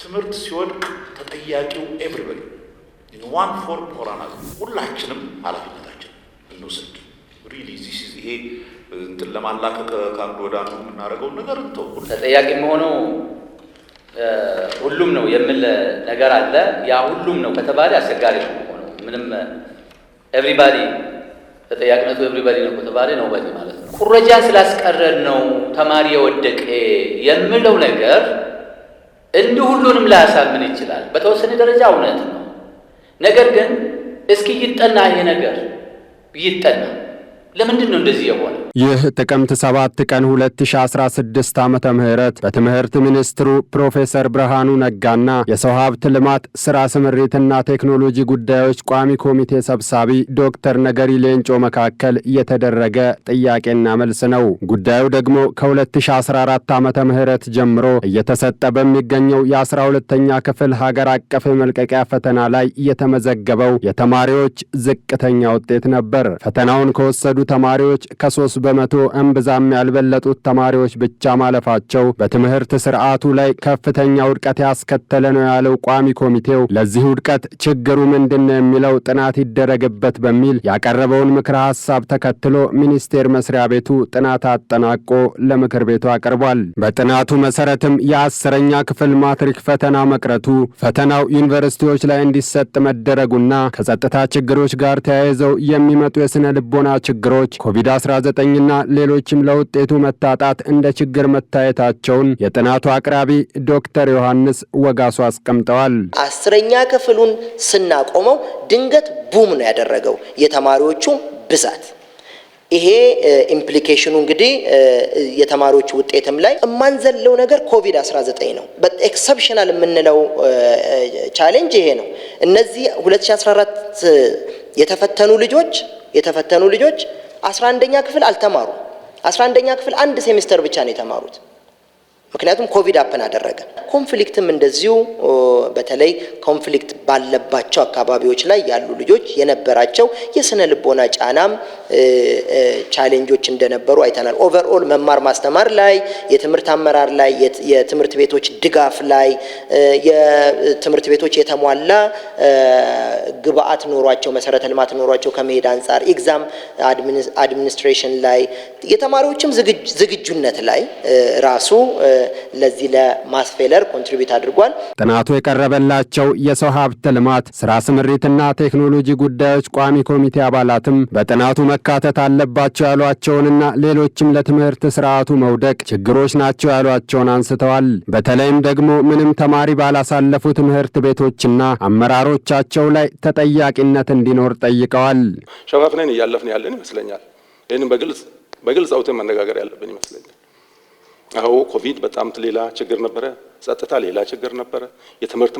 ትምህርት ሲወድቅ ተጠያቂው ኤቭሪበሪ ዋን ፎር ሆራና ሁላችንም ኃላፊነታችን እንውሰድ። ሪሊ ዚስ ይሄ እንትን ለማላቀቅ ከአንዱ ወደ አንዱ የምናደርገው ነገር እንተው። ተጠያቂ መሆነው ሁሉም ነው የምል ነገር አለ። ያ ሁሉም ነው ከተባለ አስቸጋሪ ነው ሆነው ምንም ኤቭሪባዲ ተጠያቂነቱ ኤቭሪባዲ ነው ከተባለ ነው በዚህ ማለት ነው። ኩረጃ ስላስቀረን ነው ተማሪ የወደቀ የምለው ነገር እንዲህ ሁሉንም ላያሳምን ይችላል። በተወሰነ ደረጃ እውነት ነው። ነገር ግን እስኪ ይጠና ይሄ ነገር ይጠና ለምንድን ነው እንደዚህ የሆነ? ይህ ጥቅምት 7 ቀን 2016 ዓመተ ምህረት በትምህርት ሚኒስትሩ ፕሮፌሰር ብርሃኑ ነጋና የሰው ሀብት ልማት ስራ ስምሪትና ቴክኖሎጂ ጉዳዮች ቋሚ ኮሚቴ ሰብሳቢ ዶክተር ነገሪ ሌንጮ መካከል የተደረገ ጥያቄና መልስ ነው። ጉዳዩ ደግሞ ከ2014 ዓ. ምህረት ጀምሮ እየተሰጠ በሚገኘው የ12ተኛ ክፍል ሀገር አቀፍ መልቀቂያ ፈተና ላይ የተመዘገበው የተማሪዎች ዝቅተኛ ውጤት ነበር። ፈተናውን ከወሰዱ ተማሪዎች ከሶስት በመቶ እምብዛም ያልበለጡት ተማሪዎች ብቻ ማለፋቸው በትምህርት ስርዓቱ ላይ ከፍተኛ ውድቀት ያስከተለ ነው ያለው ቋሚ ኮሚቴው ለዚህ ውድቀት ችግሩ ምንድን ነው የሚለው ጥናት ይደረግበት በሚል ያቀረበውን ምክረ ሀሳብ ተከትሎ ሚኒስቴር መስሪያ ቤቱ ጥናት አጠናቆ ለምክር ቤቱ አቅርቧል። በጥናቱ መሰረትም የአስረኛ ክፍል ማትሪክ ፈተና መቅረቱ፣ ፈተናው ዩኒቨርሲቲዎች ላይ እንዲሰጥ መደረጉና ከጸጥታ ችግሮች ጋር ተያይዘው የሚመጡ የስነ ልቦና ችግሮች ችግሮች ኮቪድ-19ና ሌሎችም ለውጤቱ መታጣት እንደ ችግር መታየታቸውን የጥናቱ አቅራቢ ዶክተር ዮሐንስ ወጋሱ አስቀምጠዋል። አስረኛ ክፍሉን ስናቆመው ድንገት ቡም ነው ያደረገው የተማሪዎቹ ብዛት። ይሄ ኢምፕሊኬሽኑ እንግዲህ የተማሪዎች ውጤትም ላይ የማንዘለው ነገር ኮቪድ 19 ነው። ኤክሰፕሽናል የምንለው ቻሌንጅ ይሄ ነው። እነዚህ 2014 የተፈተኑ ልጆች የተፈተኑ ልጆች አስራ አንደኛ ክፍል አልተማሩ። አስራ አንደኛ ክፍል አንድ ሴሚስተር ብቻ ነው የተማሩት። ምክንያቱም ኮቪድ አፕን አደረገ። ኮንፍሊክትም እንደዚሁ በተለይ ኮንፍሊክት ባለባቸው አካባቢዎች ላይ ያሉ ልጆች የነበራቸው የስነ ልቦና ጫናም ቻሌንጆች እንደነበሩ አይተናል። ኦቨርኦል መማር ማስተማር ላይ፣ የትምህርት አመራር ላይ፣ የትምህርት ቤቶች ድጋፍ ላይ የትምህርት ቤቶች የተሟላ ግብአት ኖሯቸው መሰረተ ልማት ኖሯቸው ከመሄድ አንጻር ኤግዛም አድሚኒስትሬሽን ላይ የተማሪዎችም ዝግጁነት ላይ ራሱ ለዚህ ለማስፌለ ሴክተር ኮንትሪቢዩት አድርጓል። ጥናቱ የቀረበላቸው የሰው ሀብት ልማት ስራ ስምሪትና ቴክኖሎጂ ጉዳዮች ቋሚ ኮሚቴ አባላትም በጥናቱ መካተት አለባቸው ያሏቸውንና ሌሎችም ለትምህርት ስርዓቱ መውደቅ ችግሮች ናቸው ያሏቸውን አንስተዋል። በተለይም ደግሞ ምንም ተማሪ ባላሳለፉ ትምህርት ቤቶችና አመራሮቻቸው ላይ ተጠያቂነት እንዲኖር ጠይቀዋል። ሸፋፍነን እያለፍን ያለን ይመስለኛል። ይህንም በግልጽ በግልጽ አውጥተን መነጋገር ያለብን ይመስለኛል። አዎ ኮቪድ በጣም ሌላ ችግር ነበረ። ጸጥታ ሌላ ችግር ነበረ። የትምህርት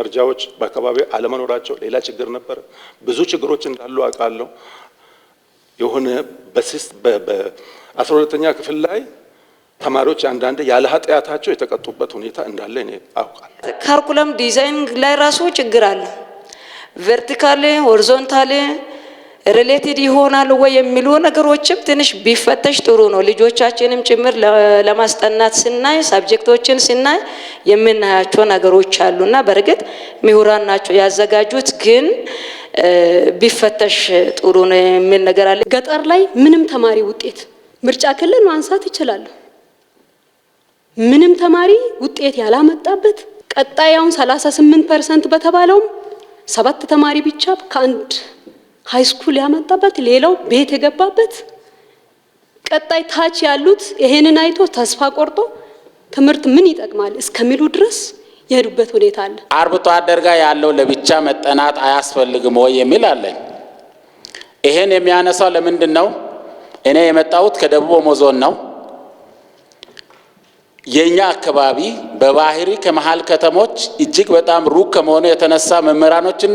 መርጃዎች በአካባቢው አለመኖራቸው ሌላ ችግር ነበረ። ብዙ ችግሮች እንዳሉ አውቃለሁ። የሆነ በሲስ በአስራ ሁለተኛ ክፍል ላይ ተማሪዎች አንዳንድ ያለ ኃጢአታቸው የተቀጡበት ሁኔታ እንዳለ እኔ አውቃለሁ። ካርኩለም ዲዛይን ላይ ራሱ ችግር አለ። ቨርቲካሌ ሆሪዞንታሌ ሪሌትድ ይሆናሉ ወይ የሚሉ ነገሮችም ትንሽ ቢፈተሽ ጥሩ ነው። ልጆቻችንም ጭምር ለማስጠናት ስናይ ሳብጀክቶችን ስናይ የምናያቸው ነገሮች አሉና በእርግጥ ምሁራን ናቸው ያዘጋጁት፣ ግን ቢፈተሽ ጥሩ ነው የሚል ነገር አለ። ገጠር ላይ ምንም ተማሪ ውጤት ምርጫ ክልል ማንሳት ይችላሉ። ምንም ተማሪ ውጤት ያላመጣበት ቀጣይ አሁን 38 ፐርሰንት በተባለውም ሰባት ተማሪ ብቻ ከአንድ ሃይስኩል ያመጣበት ሌላው ቤት የገባበት ቀጣይ ታች ያሉት ይሄንን አይቶ ተስፋ ቆርጦ ትምህርት ምን ይጠቅማል እስከሚሉ ድረስ የሄዱበት ሁኔታ አለ። አርብቶ አደር ጋር ያለው ለብቻ መጠናት አያስፈልግም ወይ የሚል አለኝ። ይሄን የሚያነሳው ለምንድን ነው? እኔ የመጣሁት ከደቡብ ኦሞ ዞን ነው። የእኛ አካባቢ በባህሪ ከመሀል ከተሞች እጅግ በጣም ሩቅ ከመሆኑ የተነሳ መምህራኖችን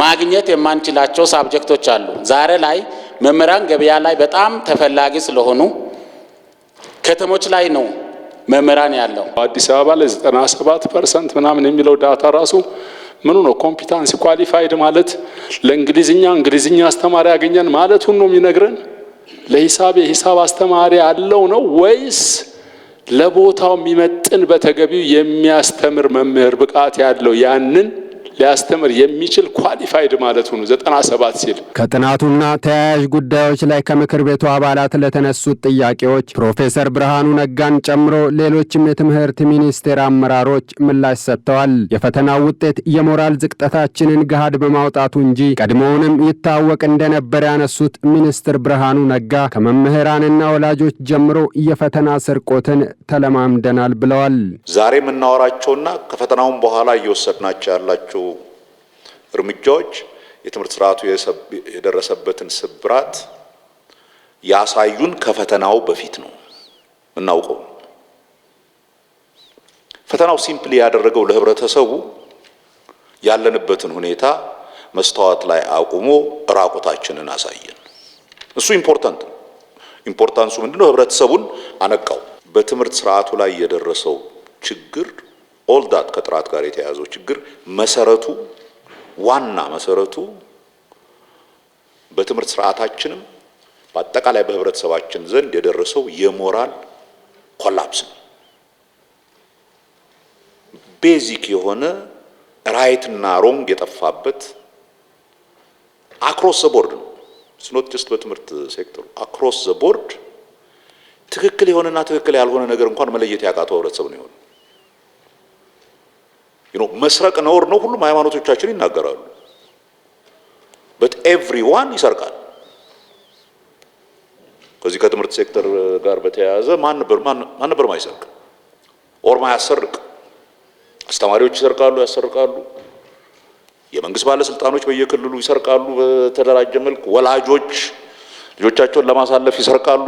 ማግኘት የማንችላቸው ሳብጀክቶች አሉ። ዛሬ ላይ መምህራን ገበያ ላይ በጣም ተፈላጊ ስለሆኑ ከተሞች ላይ ነው መምህራን ያለው። አዲስ አበባ ላይ 97 ፐርሰንት ምናምን የሚለው ዳታ ራሱ ምኑ ነው ኮምፒታንስ ኳሊፋይድ ማለት ለእንግሊዝኛ እንግሊዝኛ አስተማሪ ያገኘን ማለት ሁሉ የሚነግረን ለሂሳብ የሂሳብ አስተማሪ ያለው ነው ወይስ ለቦታው የሚመጥን በተገቢው የሚያስተምር መምህር ብቃት ያለው ያንን ሊያስተምር የሚችል ኳሊፋይድ ማለት ነው። ዘጠና ሰባት ሲል ከጥናቱና ተያያዥ ጉዳዮች ላይ ከምክር ቤቱ አባላት ለተነሱት ጥያቄዎች ፕሮፌሰር ብርሃኑ ነጋን ጨምሮ ሌሎችም የትምህርት ሚኒስቴር አመራሮች ምላሽ ሰጥተዋል። የፈተናው ውጤት የሞራል ዝቅጠታችንን ገሃድ በማውጣቱ እንጂ ቀድሞውንም ይታወቅ እንደነበር ያነሱት ሚኒስትር ብርሃኑ ነጋ ከመምህራንና ወላጆች ጀምሮ የፈተና ስርቆትን ተለማምደናል ብለዋል። ዛሬ የምናወራቸውና ከፈተናውን በኋላ እየወሰድናቸው ያላቸው እርምጃዎች የትምህርት ስርዓቱ የደረሰበትን ስብራት ያሳዩን ከፈተናው በፊት ነው እናውቀው። ፈተናው ሲምፕሊ ያደረገው ለህብረተሰቡ ያለንበትን ሁኔታ መስታወት ላይ አቁሞ ራቆታችንን አሳየን። እሱ ኢምፖርታንት ነው። ኢምፖርታንሱ ምንድነው? ህብረተሰቡን አነቃው። በትምህርት ስርዓቱ ላይ የደረሰው ችግር ኦልዳት ከጥራት ጋር የተያያዘው ችግር መሰረቱ ዋና መሰረቱ በትምህርት ስርዓታችንም በአጠቃላይ በህብረተሰባችን ዘንድ የደረሰው የሞራል ኮላፕስ ነው። ቤዚክ የሆነ ራይትና ሮንግ የጠፋበት አክሮስ ዘ ቦርድ ነው። ስኖት ጀስት በትምህርት ሴክተሩ አክሮስ ዘ ቦርድ ትክክል የሆነና ትክክል ያልሆነ ነገር እንኳን መለየት ያቃተው ህብረተሰብ ነው የሆነ መስረቅ ነውር ነው። ሁሉም ሃይማኖቶቻችን ይናገራሉ። በት ኤቭሪዋን ይሰርቃል። ከዚህ ከትምህርት ሴክተር ጋር በተያያዘ ማን ነበር ማይሰርቅ ኦር ማያሰርቅ? አስተማሪዎች ይሰርቃሉ፣ ያሰርቃሉ። የመንግስት ባለስልጣኖች በየክልሉ ይሰርቃሉ፣ በተደራጀ መልክ ወላጆች ልጆቻቸውን ለማሳለፍ ይሰርቃሉ።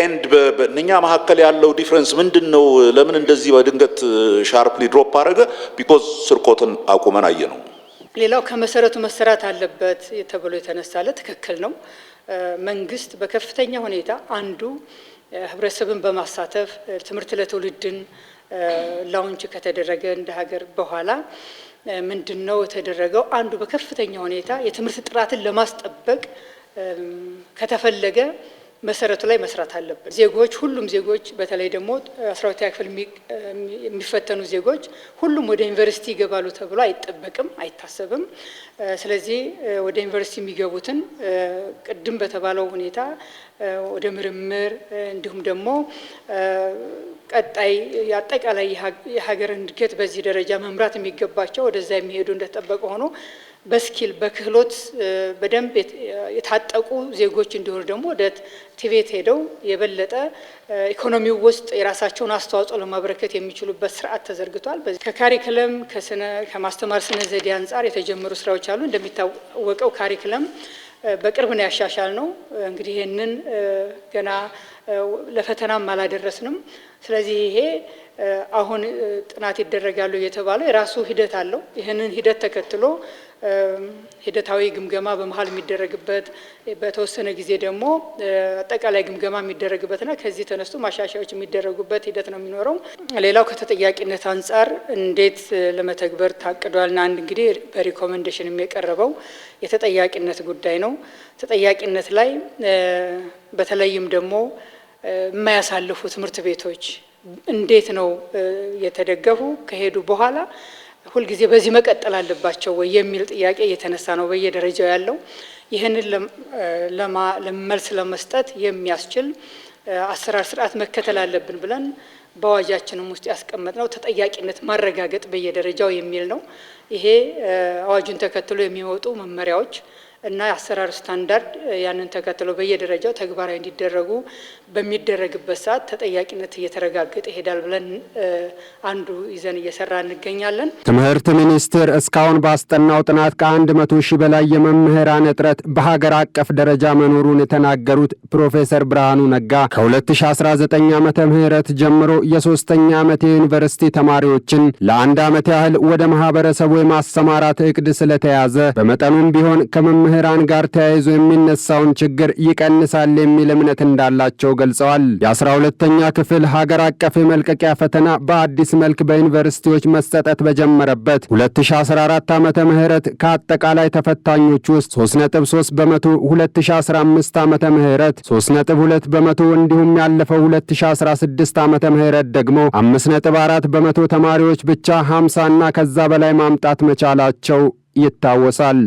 ኤንድ በእነኛ መካከል ያለው ዲፍረንስ ምንድን ነው? ለምን እንደዚህ በድንገት ሻርፕሊ ድሮፕ አደረገ? ቢኮዝ ስርቆትን አቁመን አየ ነው። ሌላው ከመሰረቱ መሰራት አለበት ተብሎ የተነሳለ ትክክል ነው። መንግስት በከፍተኛ ሁኔታ አንዱ ህብረተሰብን በማሳተፍ ትምህርት ለትውልድን ላውንች ከተደረገ እንደ ሀገር በኋላ ምንድን ነው የተደረገው? አንዱ በከፍተኛ ሁኔታ የትምህርት ጥራትን ለማስጠበቅ ከተፈለገ መሰረቱ ላይ መስራት አለብን። ዜጎች ሁሉም ዜጎች በተለይ ደግሞ አስራ ሁለተኛ ክፍል የሚፈተኑ ዜጎች ሁሉም ወደ ዩኒቨርሲቲ ይገባሉ ተብሎ አይጠበቅም፣ አይታሰብም። ስለዚህ ወደ ዩኒቨርሲቲ የሚገቡትን ቅድም በተባለው ሁኔታ ወደ ምርምር እንዲሁም ደግሞ ቀጣይ አጠቃላይ የሀገርን እድገት በዚህ ደረጃ መምራት የሚገባቸው ወደዛ የሚሄዱ እንደተጠበቀ ሆኖ በስኪል በክህሎት በደንብ የታጠቁ ዜጎች እንዲሆኑ ደግሞ ወደ ቲቤት ሄደው የበለጠ ኢኮኖሚው ውስጥ የራሳቸውን አስተዋጽኦ ለማበረከት የሚችሉበት ስርዓት ተዘርግቷል። ከካሪክለም ከማስተማር ስነ ዘዴ አንጻር የተጀመሩ ስራዎች አሉ። እንደሚታወቀው ካሪክለም በቅርብ ነው ያሻሻል ነው። እንግዲህ ይህንን ገና ለፈተናም አላደረስንም። ስለዚህ ይሄ አሁን ጥናት ይደረጋሉ የተባለው የራሱ ሂደት አለው። ይህንን ሂደት ተከትሎ ሂደታዊ ግምገማ በመሀል የሚደረግበት በተወሰነ ጊዜ ደግሞ አጠቃላይ ግምገማ የሚደረግበትና ከዚህ ተነስቶ ማሻሻያዎች የሚደረጉበት ሂደት ነው የሚኖረው። ሌላው ከተጠያቂነት አንጻር እንዴት ለመተግበር ታቅዷልና አንድ እንግዲህ በሪኮመንዴሽን የቀረበው የተጠያቂነት ጉዳይ ነው። ተጠያቂነት ላይ በተለይም ደግሞ የማያሳልፉ ትምህርት ቤቶች እንዴት ነው የተደገፉ? ከሄዱ በኋላ ሁልጊዜ በዚህ መቀጠል አለባቸው ወይ የሚል ጥያቄ እየተነሳ ነው በየደረጃው ያለው። ይህንን ለመልስ ለመስጠት የሚያስችል አሰራር ስርዓት መከተል አለብን ብለን በአዋጃችንም ውስጥ ያስቀመጥነው ተጠያቂነት ማረጋገጥ በየደረጃው የሚል ነው። ይሄ አዋጁን ተከትሎ የሚወጡ መመሪያዎች እና የአሰራር ስታንዳርድ ያንን ተከትሎ በየደረጃው ተግባራዊ እንዲደረጉ በሚደረግበት ሰዓት ተጠያቂነት እየተረጋገጠ ይሄዳል ብለን አንዱ ይዘን እየሰራ እንገኛለን። ትምህርት ሚኒስቴር እስካሁን ባስጠናው ጥናት ከአንድ መቶ ሺህ በላይ የመምህራን እጥረት በሀገር አቀፍ ደረጃ መኖሩን የተናገሩት ፕሮፌሰር ብርሃኑ ነጋ ከ2019 ዓመተ ምህረት ጀምሮ የሶስተኛ ዓመት የዩኒቨርሲቲ ተማሪዎችን ለአንድ ዓመት ያህል ወደ ማህበረሰቡ የማሰማራት እቅድ ስለተያዘ በመጠኑም ቢሆን ከመምህ መምህራን ጋር ተያይዞ የሚነሳውን ችግር ይቀንሳል የሚል እምነት እንዳላቸው ገልጸዋል። የአስራ ሁለተኛ ክፍል ሀገር አቀፍ የመልቀቂያ ፈተና በአዲስ መልክ በዩኒቨርሲቲዎች መሰጠት በጀመረበት 2014 ዓመተ ምህረት ከአጠቃላይ ተፈታኞች ውስጥ 3.3 በመቶ 2015 ዓመተ ምህረት 3.2 በመቶ እንዲሁም ያለፈው 2016 ዓመተ ምህረት ደግሞ 5.4 በመቶ ተማሪዎች ብቻ 50 እና ከዛ በላይ ማምጣት መቻላቸው ይታወሳል።